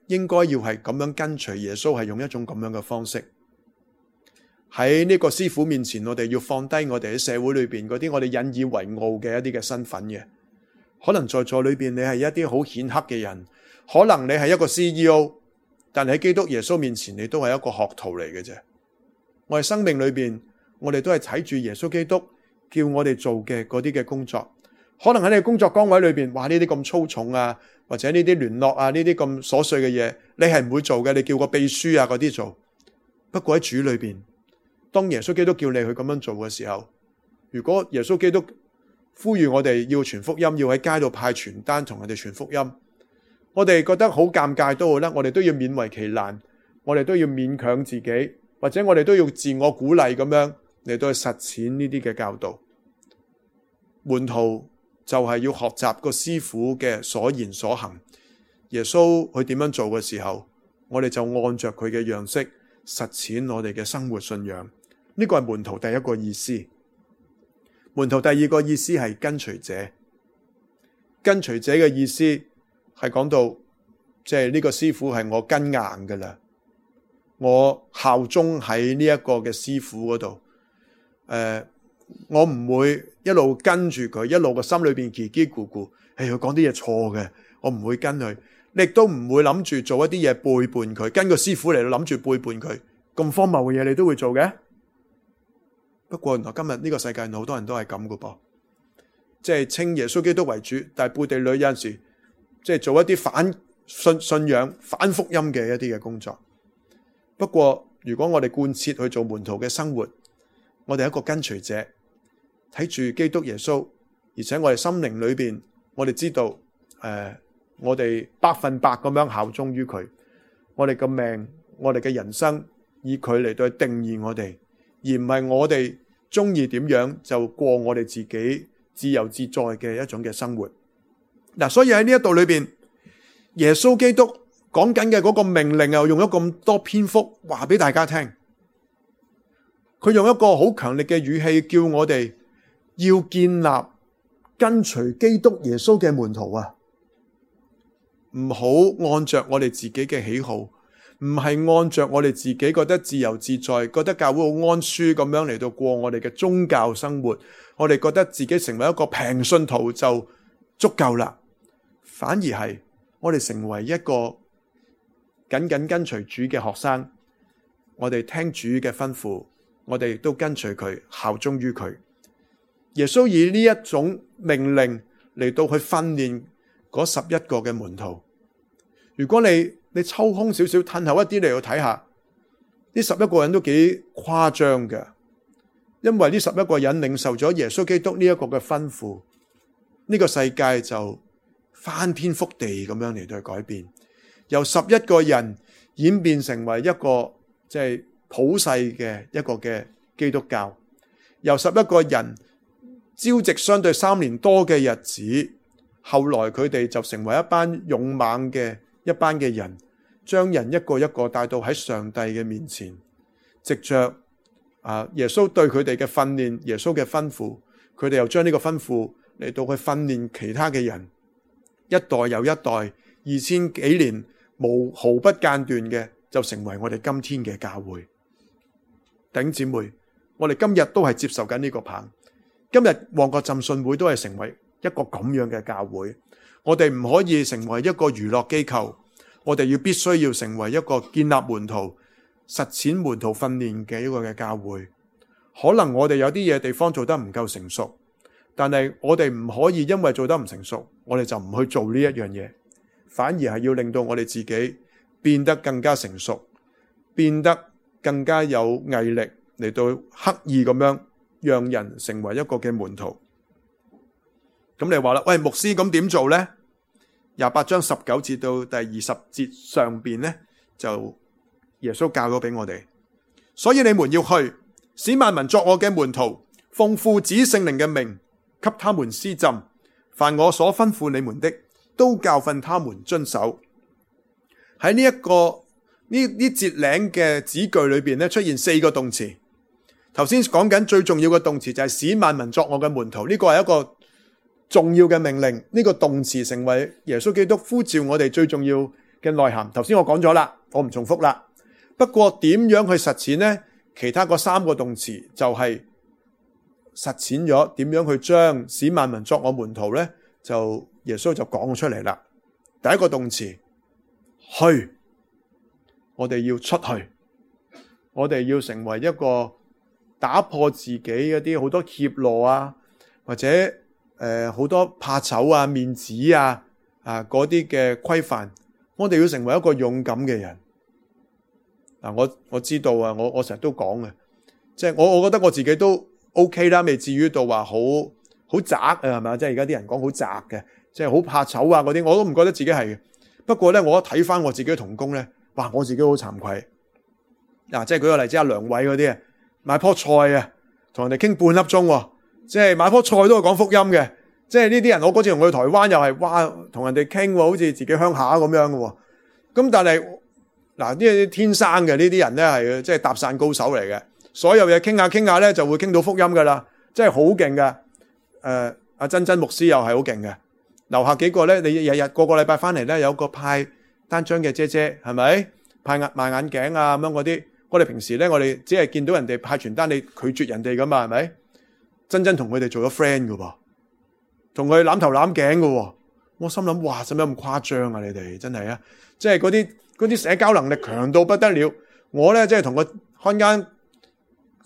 應該要係咁樣跟隨耶穌，係用一種咁樣嘅方式喺呢個師傅面前。我哋要放低我哋喺社會裏邊嗰啲我哋引以為傲嘅一啲嘅身份嘅，可能在座裏邊你係一啲好顯赫嘅人，可能你係一個 C E O。但喺基督耶穌面前，你都係一個學徒嚟嘅啫。我哋生命裏邊，我哋都係睇住耶穌基督叫我哋做嘅嗰啲嘅工作。可能喺你工作崗位裏邊，話呢啲咁粗重啊，或者呢啲聯絡啊，呢啲咁瑣碎嘅嘢，你係唔會做嘅。你叫個秘書啊嗰啲做。不過喺主裏邊，當耶穌基督叫你去咁樣做嘅時候，如果耶穌基督呼籲我哋要傳福音，要喺街度派傳單同人哋傳福音。我哋覺得好尷尬都好啦，我哋都要勉為其難，我哋都要勉強自己，或者我哋都要自我鼓勵咁樣嚟到實踐呢啲嘅教導。門徒就係要學習個師傅嘅所言所行，耶穌佢點樣做嘅時候，我哋就按着佢嘅樣式實踐我哋嘅生活信仰。呢個係門徒第一個意思。門徒第二個意思係跟隨者，跟隨者嘅意思。係講到，即係呢個師傅係我跟硬嘅啦，我效忠喺呢一個嘅師傅嗰度。誒、呃，我唔會一路跟住佢，一路個心裏邊嘰嘰咕咕，誒、哎，佢講啲嘢錯嘅，我唔會跟佢，你亦都唔會諗住做一啲嘢背叛佢，跟個師傅嚟到諗住背叛佢，咁荒謬嘅嘢你都會做嘅。不過原來今日呢個世界好多人都係咁嘅噃，即係稱耶穌基督為主，但係背地裏有陣時。即係做一啲反信信仰，反福音嘅一啲嘅工作。不過，如果我哋貫徹去做門徒嘅生活，我哋一個跟隨者睇住基督耶穌，而且我哋心靈裏邊，我哋知道，誒、呃，我哋百分百咁樣效忠於佢。我哋嘅命，我哋嘅人生，以佢嚟到定義我哋，而唔係我哋中意點樣就過我哋自己自由自在嘅一種嘅生活。嗱，所以喺呢一度裏邊，耶穌基督講緊嘅嗰個命令又用咗咁多篇幅話俾大家聽。佢用一個好強烈嘅語氣，叫我哋要建立跟隨基督耶穌嘅門徒啊，唔好按着我哋自己嘅喜好，唔係按着我哋自己覺得自由自在、覺得教會好安舒咁樣嚟到過我哋嘅宗教生活。我哋覺得自己成為一個平信徒就足夠啦。反而係我哋成為一個緊緊跟隨主嘅學生，我哋聽主嘅吩咐，我哋亦都跟隨佢，效忠於佢。耶穌以呢一種命令嚟到去訓練嗰十一個嘅門徒。如果你你抽空少少，褪後一啲嚟去睇下，呢十一個人都幾誇張㗎，因為呢十一個人領受咗耶穌基督呢一個嘅吩咐，呢個世界就。翻天覆地咁樣嚟到改變，由十一個人演變成為一個即係、就是、普世嘅一個嘅基督教，由十一個人朝夕相對三年多嘅日子，後來佢哋就成為一班勇猛嘅一班嘅人，將人一個一個帶到喺上帝嘅面前，藉着耶穌對佢哋嘅訓練，耶穌嘅吩咐，佢哋又將呢個吩咐嚟到去訓練其他嘅人。一代又一代，二千幾年無毫不間斷嘅，就成為我哋今天嘅教會。弟兄姊妹，我哋今日都係接受緊呢個棒。今日旺角浸信會都係成為一個咁樣嘅教會。我哋唔可以成為一個娛樂機構，我哋要必須要成為一個建立門徒、實踐門徒訓練嘅一個嘅教會。可能我哋有啲嘢地方做得唔夠成熟。但係我哋唔可以，因為做得唔成熟，我哋就唔去做呢一樣嘢，反而係要令到我哋自己變得更加成熟，變得更加有毅力嚟到刻意咁樣讓人成為一個嘅門徒。咁你話啦，喂，牧師咁點做呢？廿八章十九節到第二十節上邊呢，就耶穌教咗俾我哋，所以你們要去，使萬民作我嘅門徒，奉父子聖靈嘅名。給他們施浸，凡我所吩咐你們的，都教訓他們遵守。喺呢一個呢，呢節領嘅子句裏邊咧，出現四個動詞。頭先講緊最重要嘅動詞就係使萬民作我嘅門徒，呢、這個係一個重要嘅命令。呢、這個動詞成為耶穌基督呼召我哋最重要嘅內涵。頭先我講咗啦，我唔重複啦。不過點樣去實踐呢？其他嗰三個動詞就係、是。實踐咗點樣去將使萬民作我門徒咧？就耶穌就講咗出嚟啦。第一個動詞去，我哋要出去，我哋要成為一個打破自己一啲好多怯懦啊，或者誒好、呃、多怕醜啊、面子啊啊嗰啲嘅規範，我哋要成為一個勇敢嘅人。嗱、啊，我我知道啊，我我成日都講嘅，即、就、係、是、我我覺得我自己都。O K 啦，okay，未至於到話好好宅啊，係咪啊？即係而家啲人講好宅嘅，即係好怕醜啊嗰啲，我都唔覺得自己係。不過咧，我睇翻我自己嘅同工咧，哇！我自己好慚愧。嗱、啊，即係舉個例子，阿梁偉嗰啲啊，買樖菜啊，同人哋傾半粒鐘，即係買樖菜都係講福音嘅。即係呢啲人，我嗰次同去台灣又係哇，同人哋傾好似自己鄉下咁樣嘅。咁、嗯、但係嗱，呢、啊、啲天生嘅呢啲人咧係即係搭訕高手嚟嘅。所有嘢傾下傾下咧，就會傾到福音噶啦，真係好勁嘅。誒、呃，阿珍珍牧師又係好勁嘅。留下幾個咧，你日日個個禮拜翻嚟咧，有個派單張嘅姐姐係咪派眼賣眼鏡啊咁樣嗰啲？我哋平時咧，我哋只係見到人哋派傳單，你拒絕人哋噶嘛，係咪？珍珍同佢哋做咗 friend 嘅喎，同佢攬頭攬頸嘅喎。我心諗哇，使咩咁誇張啊？你哋真係啊，即係嗰啲嗰啲社交能力強到不得了。我咧即係同個看監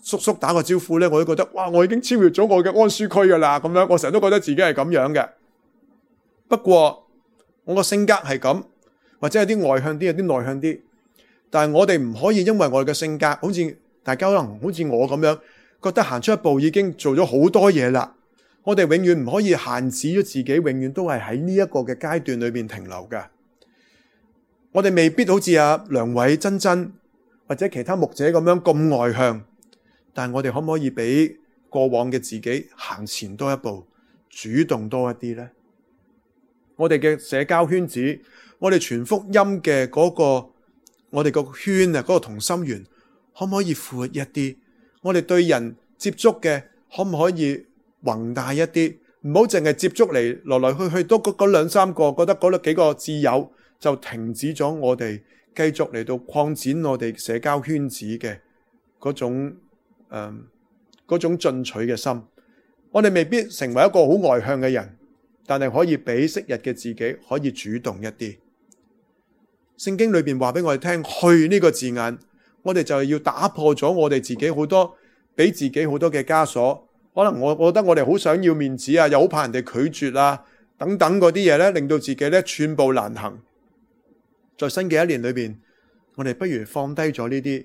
叔叔打個招呼呢，我都覺得哇！我已經超越咗我嘅安舒區噶啦，咁樣我成日都覺得自己係咁樣嘅。不過我個性格係咁，或者有啲外向啲，有啲內向啲。但係我哋唔可以因為我哋嘅性格，好似大家可能好似我咁樣，覺得行出一步已經做咗好多嘢啦。我哋永遠唔可以限制咗自己，永遠都係喺呢一個嘅階段裏邊停留嘅。我哋未必好似阿梁偉、珍珍或者其他牧者咁樣咁外向。但係我哋可唔可以比過往嘅自己行前多一步，主動多一啲呢？我哋嘅社交圈子，我哋傳福音嘅嗰個，我哋個圈啊，嗰個同心圓，可唔可以闊一啲？我哋對人接觸嘅，可唔可以宏大一啲？唔好淨係接觸嚟來，來來去去都嗰嗰兩三個，覺得嗰度幾個摯友就停止咗我哋繼續嚟到擴展我哋社交圈子嘅嗰種。嗰、um, 種進取嘅心，我哋未必成為一個好外向嘅人，但係可以比昔日嘅自己可以主動一啲。聖經裏邊話俾我哋聽，去呢個字眼，我哋就係要打破咗我哋自己好多，俾自己好多嘅枷鎖。可能我我覺得我哋好想要面子啊，又好怕人哋拒絕啊，等等嗰啲嘢呢，令到自己呢寸步難行。在新嘅一年裏邊，我哋不如放低咗呢啲。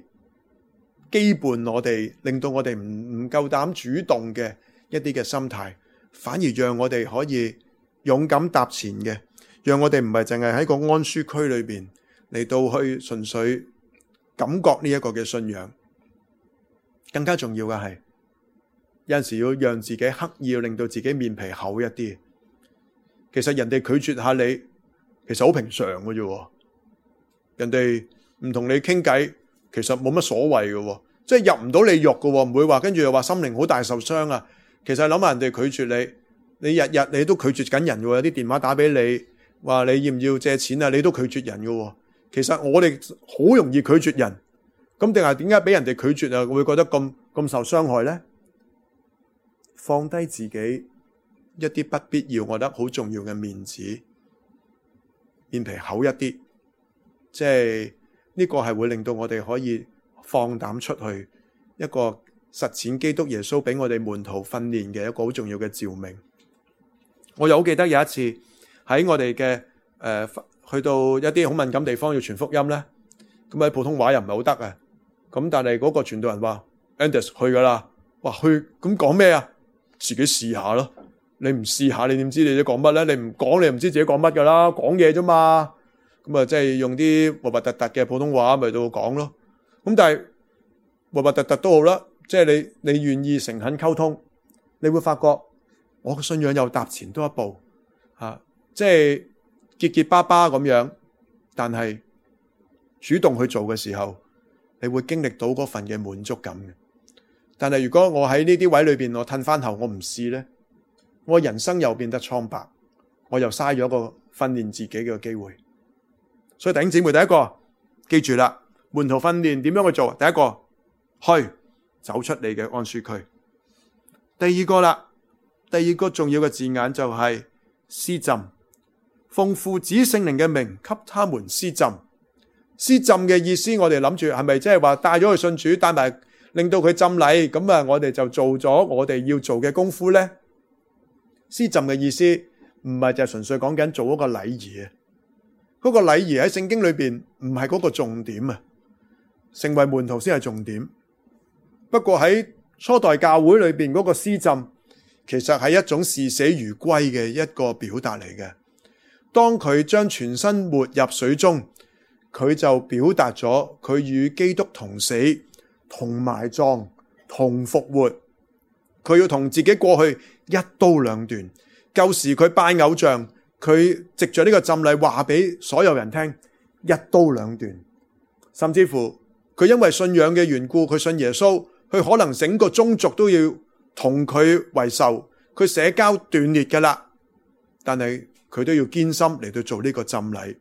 羈絆我哋，令到我哋唔唔夠膽主動嘅一啲嘅心態，反而讓我哋可以勇敢踏前嘅，讓我哋唔係淨係喺個安舒區裏邊嚟到去純粹感覺呢一個嘅信仰。更加重要嘅係，有陣時要讓自己刻意令到自己面皮厚一啲。其實人哋拒絕下你，其實好平常嘅啫。人哋唔同你傾偈。其實冇乜所謂嘅，即係入唔到你肉嘅，唔會話跟住又話心靈好大受傷啊！其實諗下人哋拒絕你，你日日你都拒絕緊人嘅，有啲電話打俾你，話你要唔要借錢啊？你都拒絕人嘅。其實我哋好容易拒絕人，咁定係點解俾人哋拒絕啊？會覺得咁咁受傷害咧？放低自己一啲不必要，我覺得好重要嘅面子，面皮厚一啲，即係。呢個係會令到我哋可以放膽出去一個實踐基督耶穌俾我哋門徒訓練嘅一個好重要嘅照明。我又好記得有一次喺我哋嘅誒去到一啲好敏感地方要傳福音咧，咁、嗯、喺普通話又唔係好得啊。咁、嗯、但係嗰個傳道人話 Andy 去噶啦，哇去咁講咩啊？自己試下咯。你唔試下你點知你哋講乜咧？你唔講你唔知自己講乜噶啦，講嘢啫嘛。咁啊，即係用啲核核突突嘅普通話，咪到講咯。咁但係核核突突都好啦，即係你你願意誠懇溝通，你會發覺我嘅信仰又踏前多一步吓，啊，即係結結巴巴咁樣。但係主動去做嘅時候，你會經歷到嗰份嘅滿足感嘅。但係如果我喺呢啲位裏邊，我褪翻後，我唔試咧，我人生又變得蒼白，我又嘥咗個訓練自己嘅機會。所以弟兄姊妹，第一個記住啦，門徒訓練點樣去做？第一個去走出你嘅安舒區。第二個啦，第二個重要嘅字眼就係、是、施浸，奉父子聖靈嘅名給他們施浸。施浸嘅意思我，我哋諗住係咪即係話帶咗去信主，帶埋令到佢浸禮？咁啊，我哋就做咗我哋要做嘅功夫咧。施浸嘅意思唔係就係純粹講緊做一個禮儀。嗰個禮儀喺聖經裏邊唔係嗰個重點啊，成為門徒先係重點。不過喺初代教會裏邊嗰個施浸，其實係一種視死如歸嘅一個表達嚟嘅。當佢將全身沒入水中，佢就表達咗佢與基督同死、同埋葬、同復活。佢要同自己過去一刀兩斷。舊時佢拜偶像。佢藉着呢個浸禮話俾所有人聽，一刀兩斷，甚至乎佢因為信仰嘅緣故，佢信耶穌，佢可能整個宗族都要同佢為仇，佢社交斷裂噶啦。但係佢都要堅心嚟到做呢個浸禮，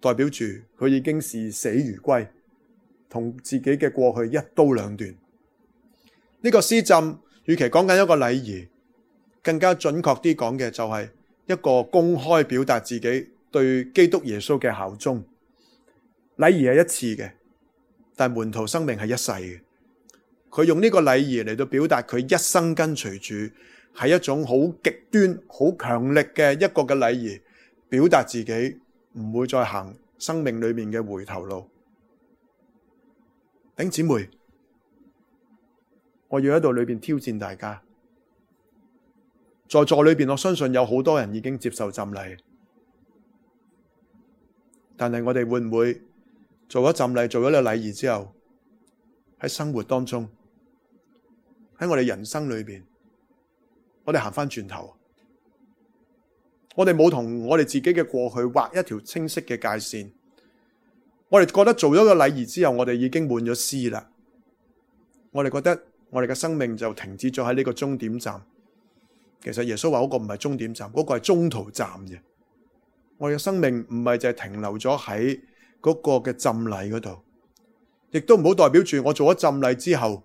代表住佢已經視死如歸，同自己嘅過去一刀兩斷。呢個施浸，與其講緊一個禮儀，更加準確啲講嘅就係。一個公開表達自己對基督耶穌嘅效忠，禮儀係一次嘅，但門徒生命係一世嘅。佢用呢個禮儀嚟到表達佢一生跟隨主，係一種好極端、好強力嘅一個嘅禮儀，表達自己唔會再行生命裏面嘅回頭路。頂姊妹，我要喺度裏邊挑戰大家。在座裏邊，我相信有好多人已經接受浸禮，但係我哋會唔會做咗浸禮，做咗個禮儀之後，喺生活當中，喺我哋人生裏邊，我哋行返轉頭，我哋冇同我哋自己嘅過去畫一條清晰嘅界線，我哋覺得做咗個禮儀之後，我哋已經換咗師啦，我哋覺得我哋嘅生命就停止咗喺呢個終點站。其實耶穌話嗰個唔係終點站，嗰、那個係中途站嘅。我嘅生命唔係淨係停留咗喺嗰個嘅浸禮嗰度，亦都唔好代表住我做咗浸禮之後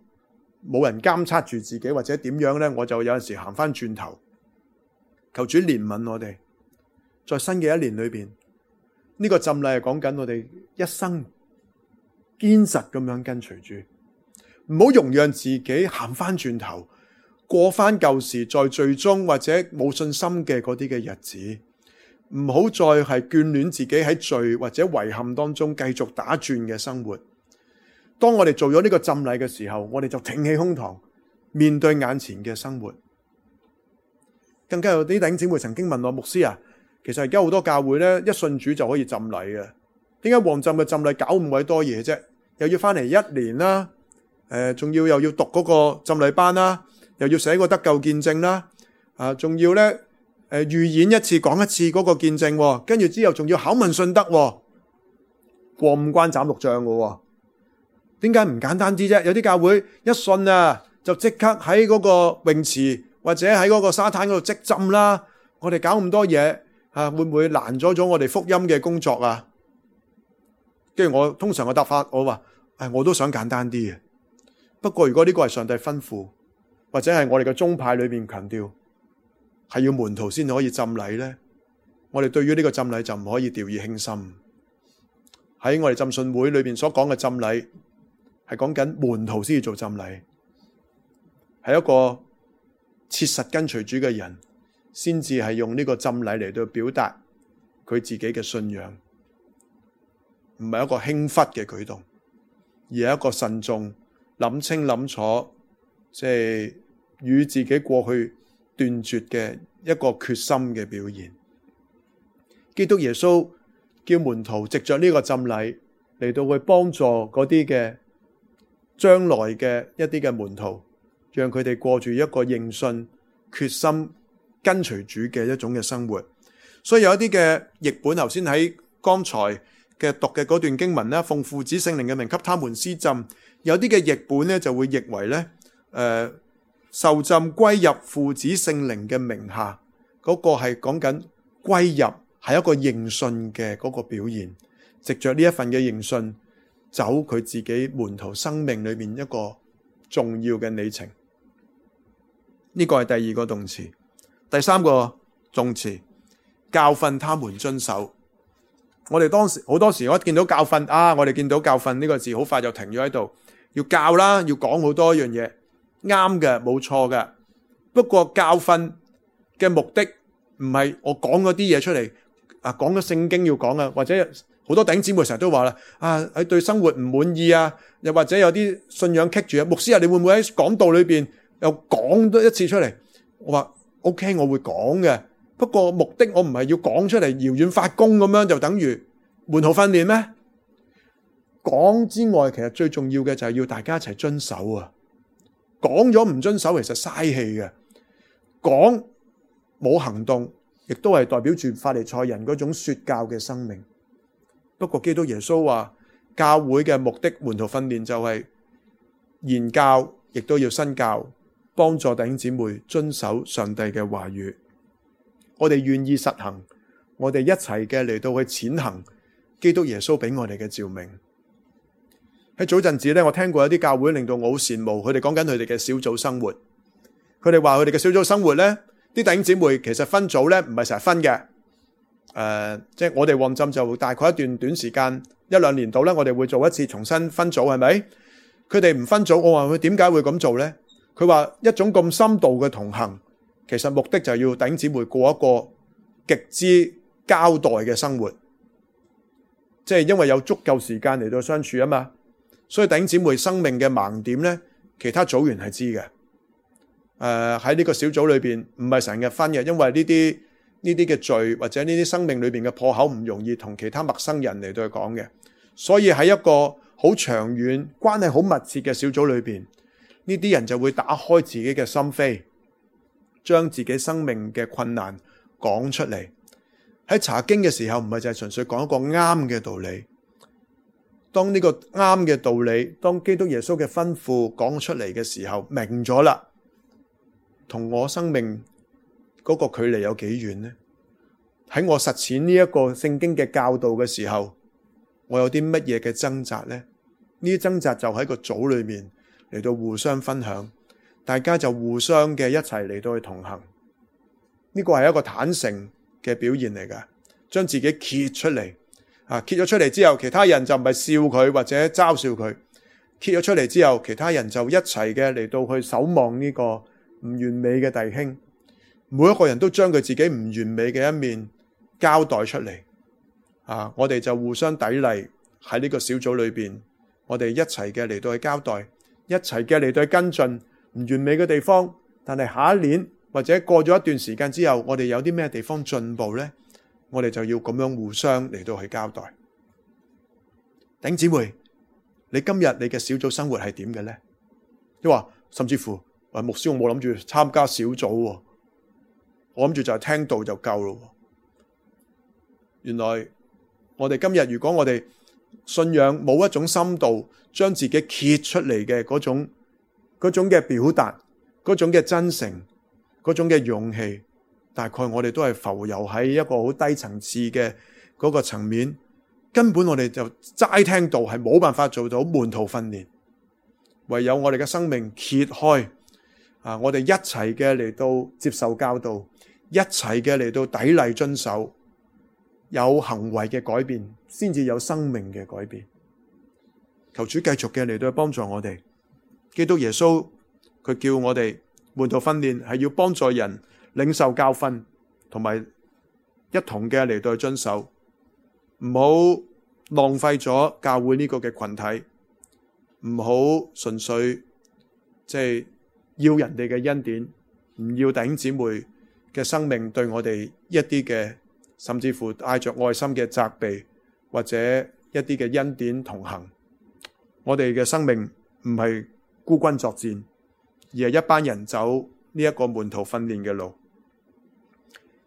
冇人監察住自己或者點樣咧，我就有陣時行翻轉頭，求主憐憫我哋，在新嘅一年裏邊，呢、這個浸禮係講緊我哋一生堅實咁樣跟隨住，唔好容讓自己行翻轉頭。過翻舊時，在罪中或者冇信心嘅嗰啲嘅日子，唔好再係眷戀自己喺罪或者遺憾當中繼續打轉嘅生活。當我哋做咗呢個浸禮嘅時候，我哋就挺起胸膛面對眼前嘅生活。更加有啲弟兄姊妹曾經問我牧師啊，其實而家好多教會呢，一信主就可以浸禮嘅，點解旺浸嘅浸禮搞咁鬼多嘢啫？又要翻嚟一年啦、啊，仲、呃、要又要讀嗰個浸禮班啦、啊。又要寫個得救見證啦，啊，仲要咧誒，預演一次，講一次嗰個見證，跟住之後仲要考問信德，過五關斬六將噶。點解唔簡單啲啫？有啲教會一信啊，就即刻喺嗰個泳池或者喺嗰個沙灘嗰度即浸啦。我哋搞咁多嘢吓，會唔會攔咗咗我哋福音嘅工作啊？跟住我通常嘅答法，我話誒，我都想簡單啲嘅。不過如果呢個係上帝吩咐。或者係我哋嘅宗派裏邊強調，係要門徒先可以浸禮咧，我哋對於呢個浸禮就唔可以掉以輕心。喺我哋浸信會裏邊所講嘅浸禮，係講緊門徒先要做浸禮，係一個切實跟隨主嘅人，先至係用呢個浸禮嚟到表達佢自己嘅信仰，唔係一個輕忽嘅舉動，而係一個慎重諗清諗楚，即係。與自己過去斷絕嘅一個決心嘅表現。基督耶穌叫門徒藉着呢個浸禮嚟到去幫助嗰啲嘅將來嘅一啲嘅門徒，讓佢哋過住一個認信、決心跟隨主嘅一種嘅生活。所以有一啲嘅譯本頭先喺剛才嘅讀嘅嗰段經文啦，奉父子聖靈嘅名給他們施浸，有啲嘅譯本呢就會譯為呢，誒、呃。受浸歸入父子聖靈嘅名下，嗰、那個係講緊歸入係一個認信嘅嗰個表現，藉着呢一份嘅認信，走佢自己門徒生命裏面一個重要嘅里程。呢、這個係第二個動詞，第三個動詞，教訓他們遵守。我哋當時好多時，我一見到教訓啊，我哋見到教訓呢個字，好快就停咗喺度，要教啦，要講好多樣嘢。啱嘅，冇錯嘅。不過教訓嘅目的唔係我講嗰啲嘢出嚟，啊講咗聖經要講啊，或者好多弟兄姊妹成日都話啦，啊喺對生活唔滿意啊，又或者有啲信仰棘住啊，牧師啊，你會唔會喺講道裏邊又講多一次出嚟？我話 OK，我會講嘅。不過目的我唔係要講出嚟，遙遠發功咁樣就等於門徒訓練咩？講之外，其實最重要嘅就係要大家一齊遵守啊。講咗唔遵守，其實嘥氣嘅。講冇行動，亦都係代表住法利賽人嗰種說教嘅生命。不過基督耶穌話，教會嘅目的，門徒訓練就係言教，亦都要身教，幫助弟兄姊妹遵守上帝嘅話語。我哋願意實行，我哋一齊嘅嚟到去踐行基督耶穌俾我哋嘅照明。喺早陣子咧，我聽過一啲教會令到我好羨慕，佢哋講緊佢哋嘅小組生活。佢哋話佢哋嘅小組生活呢，弟兄姊妹其實分組呢，唔係成日分嘅。誒、呃，即係我哋旺浸就大概一段短時間一兩年度呢，我哋會做一次重新分組係咪？佢哋唔分組，我話佢點解會咁做呢？佢話一種咁深度嘅同行，其實目的就係要弟兄姊妹過一個極之交代嘅生活，即係因為有足夠時間嚟到相處啊嘛。所以頂姊妹生命嘅盲點呢，其他組員係知嘅。誒喺呢個小組裏邊唔係成日分嘅，因為呢啲呢啲嘅罪或者呢啲生命裏邊嘅破口唔容易同其他陌生人嚟到講嘅。所以喺一個好長遠關係好密切嘅小組裏邊，呢啲人就會打開自己嘅心扉，將自己生命嘅困難講出嚟。喺查經嘅時候唔係就係純粹講一個啱嘅道理。當呢個啱嘅道理，當基督耶穌嘅吩咐講出嚟嘅時候，明咗啦。同我生命嗰個距離有幾遠呢？喺我實踐呢一個聖經嘅教導嘅時候，我有啲乜嘢嘅掙扎呢？呢啲掙扎就喺個組裏面嚟到互相分享，大家就互相嘅一齊嚟到去同行。呢個係一個坦誠嘅表現嚟噶，將自己揭出嚟。啊！揭咗出嚟之後，其他人就唔係笑佢或者嘲笑佢。揭咗出嚟之後，其他人就一齊嘅嚟到去守望呢個唔完美嘅弟兄。每一個人都將佢自己唔完美嘅一面交代出嚟。啊！我哋就互相砥礪喺呢個小組裏邊，我哋一齊嘅嚟到去交代，一齊嘅嚟到去跟進唔完美嘅地方。但係下一年或者過咗一段時間之後，我哋有啲咩地方進步呢？我哋就要咁樣互相嚟到去交代，頂姊妹，你今日你嘅小組生活係點嘅咧？你話甚至乎，誒、哎，牧師，我冇諗住參加小組、喎，我諗住就係聽到就夠咯喎。原來我哋今日如果我哋信仰冇一種深度，將自己揭出嚟嘅嗰種、嗰種嘅表達、嗰種嘅真誠、嗰種嘅勇氣。大概我哋都係浮游喺一個好低層次嘅嗰個層面，根本我哋就齋聽道，係冇辦法做到門徒訓練，唯有我哋嘅生命揭開啊，我哋一齊嘅嚟到接受教導，一齊嘅嚟到砥礪遵守，有行為嘅改變，先至有生命嘅改變。求主繼續嘅嚟到幫助我哋，基督耶穌佢叫我哋門徒訓練係要幫助人。領受教訓同埋一同嘅嚟到去遵守，唔好浪費咗教會呢個嘅群體，唔好純粹即係要人哋嘅恩典，唔要弟兄姊妹嘅生命對我哋一啲嘅，甚至乎帶着愛心嘅責備或者一啲嘅恩典同行。我哋嘅生命唔係孤軍作戰，而係一班人走呢一個門徒訓練嘅路。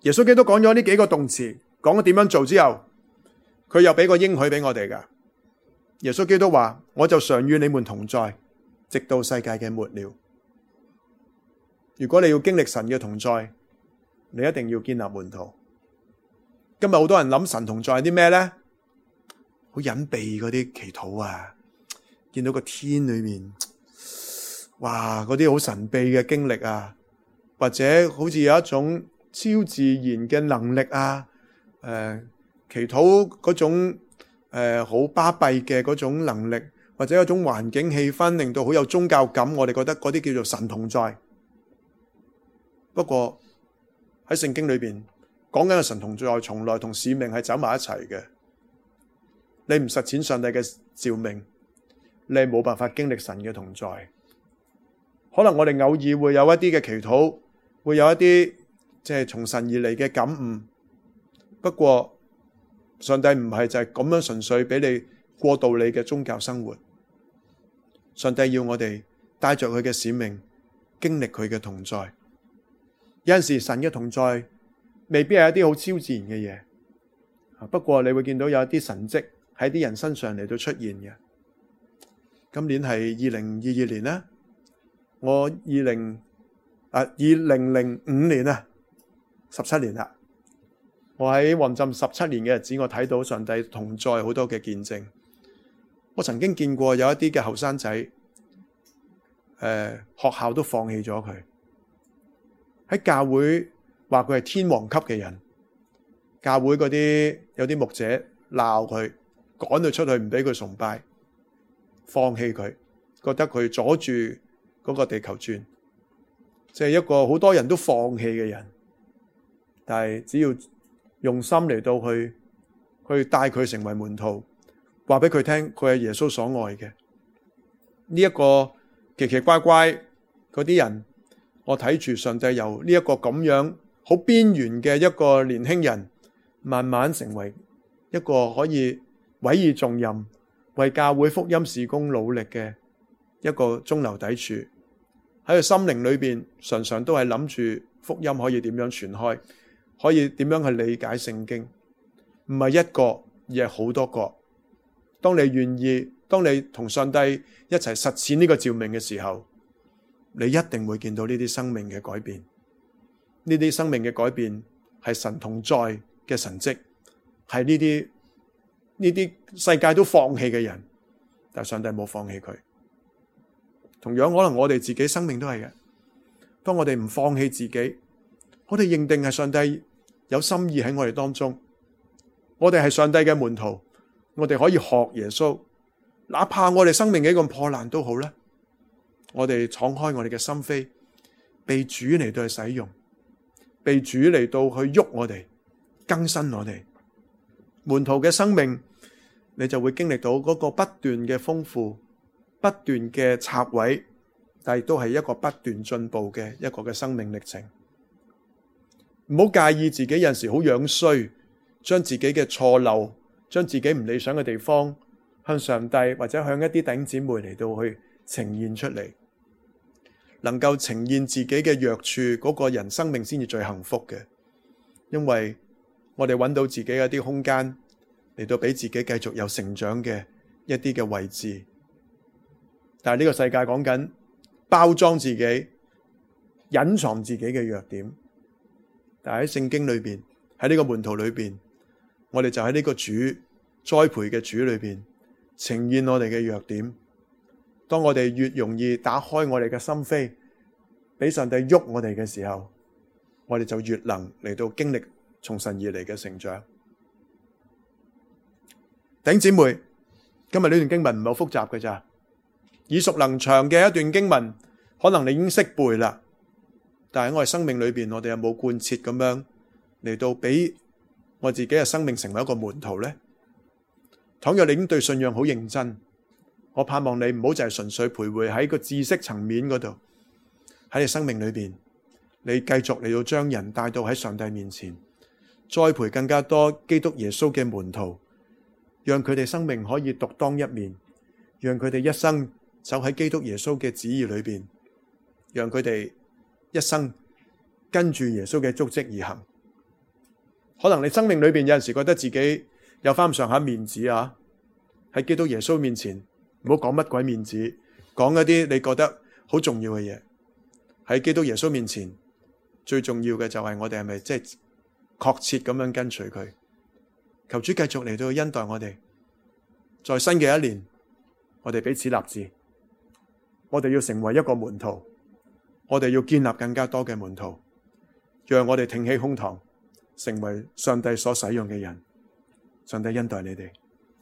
耶穌基督講咗呢幾個動詞，講咗點樣做之後，佢又俾個應許俾我哋㗎。耶穌基督話：我就常與你們同在，直到世界嘅末了。如果你要經歷神嘅同在，你一定要建立門徒。今日好多人諗神同在係啲咩咧？好隱蔽嗰啲祈禱啊！見到個天裏面，哇，嗰啲好神秘嘅經歷啊，或者好似有一種。超自然嘅能力啊！誒、呃，祈禱嗰種好巴閉嘅嗰種能力，或者有種環境氣氛，令到好有宗教感。我哋覺得嗰啲叫做神同在。不過喺聖經裏邊講緊嘅神同在，從來同使命係走埋一齊嘅。你唔實踐上帝嘅召命，你係冇辦法經歷神嘅同在。可能我哋偶爾會有一啲嘅祈禱，會有一啲。即係從神而嚟嘅感悟，不過上帝唔係就係咁樣純粹俾你過渡你嘅宗教生活。上帝要我哋帶着佢嘅使命，經歷佢嘅同在。有陣時神嘅同在未必係一啲好超自然嘅嘢，不過你會見到有一啲神蹟喺啲人身上嚟到出現嘅。今年係二零二二年啦，我二零啊，二零零五年啊。十七年啦，我喺旺浸十七年嘅日子，我睇到上帝同在好多嘅見證。我曾經見過有一啲嘅後生仔，誒、呃，學校都放棄咗佢，喺教會話佢係天王級嘅人，教會嗰啲有啲牧者鬧佢，趕佢出去，唔俾佢崇拜，放棄佢，覺得佢阻住嗰個地球轉，即、就、係、是、一個好多人都放棄嘅人。但係只要用心嚟到去去帶佢成為門徒，話俾佢聽佢係耶穌所愛嘅。呢一個奇奇怪怪嗰啲人，我睇住上帝由呢一個咁樣好邊緣嘅一個年輕人，慢慢成為一個可以委以重任、為教會福音事工努力嘅一個中流砥柱。喺佢心靈裏邊，常常都係諗住福音可以點樣傳開。可以點樣去理解聖經？唔係一個，而係好多個。當你願意，當你同上帝一齊實踐呢個召命嘅時候，你一定會見到呢啲生命嘅改變。呢啲生命嘅改變係神同在嘅神蹟，係呢啲呢啲世界都放棄嘅人，但上帝冇放棄佢。同樣，可能我哋自己生命都係嘅。當我哋唔放棄自己，我哋認定係上帝。有心意喺我哋當中，我哋係上帝嘅門徒，我哋可以學耶穌，哪怕我哋生命幾咁破爛都好啦，我哋敞開我哋嘅心扉，被主嚟到去使用，被主嚟到去喐我哋，更新我哋門徒嘅生命，你就會經歷到嗰個不斷嘅豐富，不斷嘅拆毀，但係都係一個不斷進步嘅一個嘅生命歷程。唔好介意自己有陣時好樣衰，將自己嘅錯漏，將自己唔理想嘅地方，向上帝或者向一啲弟兄姊妹嚟到去呈現出嚟，能夠呈現自己嘅弱處，嗰、那個人生命先至最幸福嘅。因為我哋揾到自己一啲空間嚟到俾自己繼續有成長嘅一啲嘅位置，但係呢個世界講緊包裝自己、隱藏自己嘅弱點。但係喺聖經裏邊，喺呢個門徒裏邊，我哋就喺呢個主栽培嘅主裏邊呈現我哋嘅弱點。當我哋越容易打開我哋嘅心扉，俾上帝喐我哋嘅時候，我哋就越能嚟到經歷從神而嚟嘅成長。頂姐妹，今日呢段經文唔係好複雜㗎咋，耳熟能詳嘅一段經文，可能你已經識背啦。但係我哋生命裏邊，我哋有冇貫徹咁樣嚟到俾我自己嘅生命成為一個門徒咧？倘若你已經對信仰好認真，我盼望你唔好就係純粹徘徊喺個知識層面嗰度，喺你生命裏邊，你繼續嚟到將人帶到喺上帝面前，栽培更加多基督耶穌嘅門徒，讓佢哋生命可以獨當一面，讓佢哋一生走喺基督耶穌嘅旨意裏邊，讓佢哋一生跟住耶穌嘅足迹而行，可能你生命裏邊有陣時覺得自己有翻唔上下面子啊，喺基督耶穌面前唔好講乜鬼面子，講一啲你覺得好重要嘅嘢。喺基督耶穌面前最重要嘅就係我哋係咪即係確切咁樣跟隨佢？求主繼續嚟到去恩待我哋，在新嘅一年，我哋彼此立志，我哋要成為一個門徒。我哋要建立更加多嘅門徒，讓我哋挺起胸膛，成為上帝所使用嘅人。上帝恩待你哋。